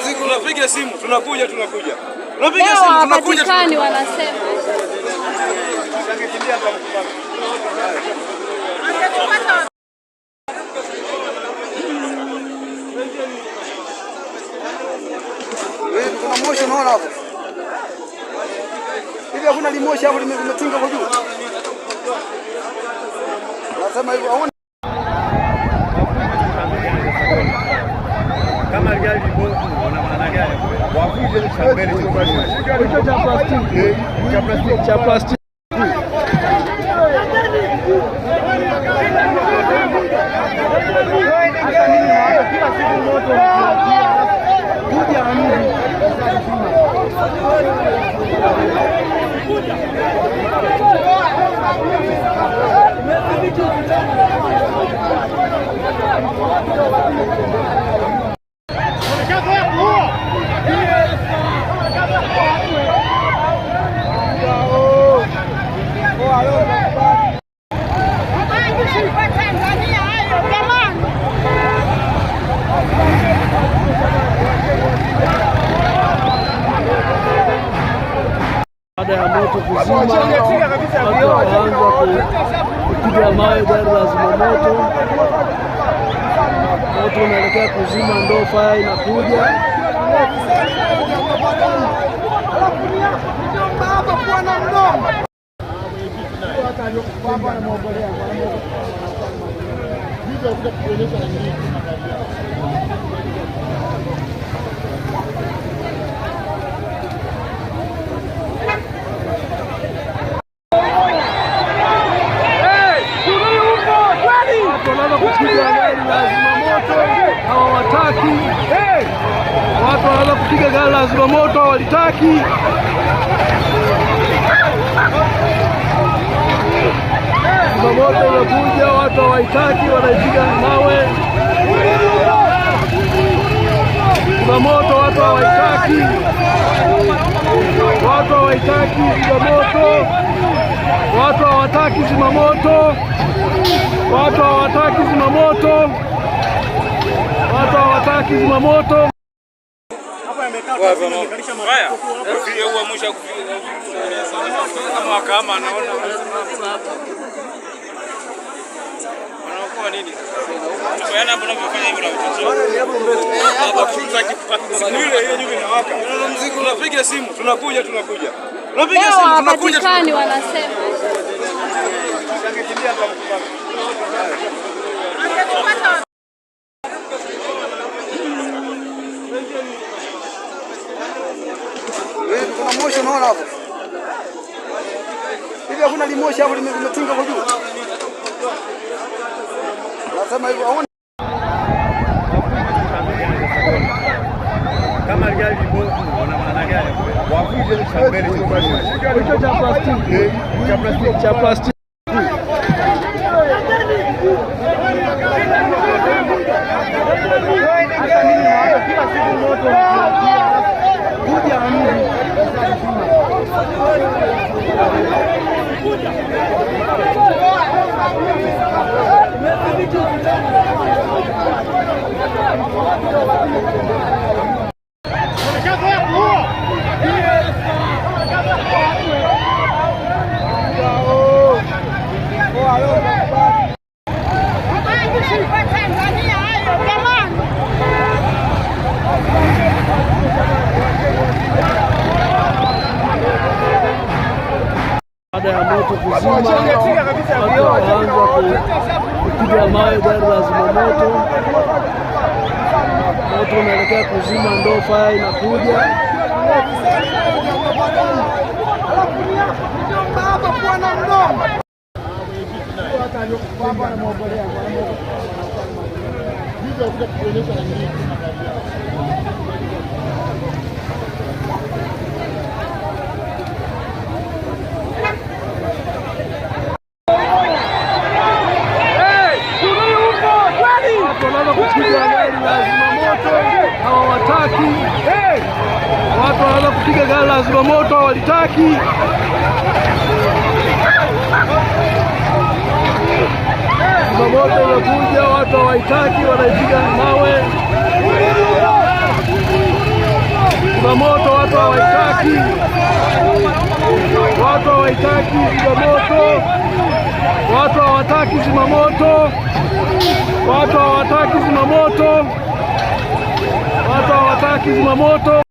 Mzigo yaani simu, tunakuja tunakuja. Unapiga simu tunakuja. Wanasema yote unaona hapo. Hivi hakuna limoshi hapo limetinga kwa juu. Nasema hivyo haoni kama gari libovu wana maana gani? Wavuje cha mbele cha plastiki. Cha plastiki. Baada ya moto kuzima watu wakaanza kupiga mawe gari la zimamoto. watu wanaelekea kuzima ndoo, faya inakuja wanapiga gari la zimamoto walitaki zimamoto inakuja, watu hawaitaki, wanaipiga mawe zimamoto, watu hawaitaki, watu hawaitaki zimamoto, watu hawataki zimamoto, watu hawataki zimamoto, watu hawataki zimamoto. Unapiga simu, tunakuja, tunakuja. Unapiga simu, tunakuja. Hawapatikani wanasema. limoshi, unaona hapo hivi, hakuna limoshi hapo, limetinga kwa juu, nasema hivyo kama cha plastiki cha plastiki Thank you. baada ya moto kuzima, wakaanza kupiga mawe gari la zimamoto. Moto unaelekea kuzima, ndo faya inakuja kupigwa gari la zimamoto hawawataki, watu wanaanza kupiga gari la zimamoto hawalitaki. Zimamoto imekuja, watu hawaitaki, wanaipiga mawe. Zimamoto watu hawaitaki. Watu hawahitaki zimamoto, watu hawataki zimamoto, watu hawataki zimamoto, watu hawataki zimamoto.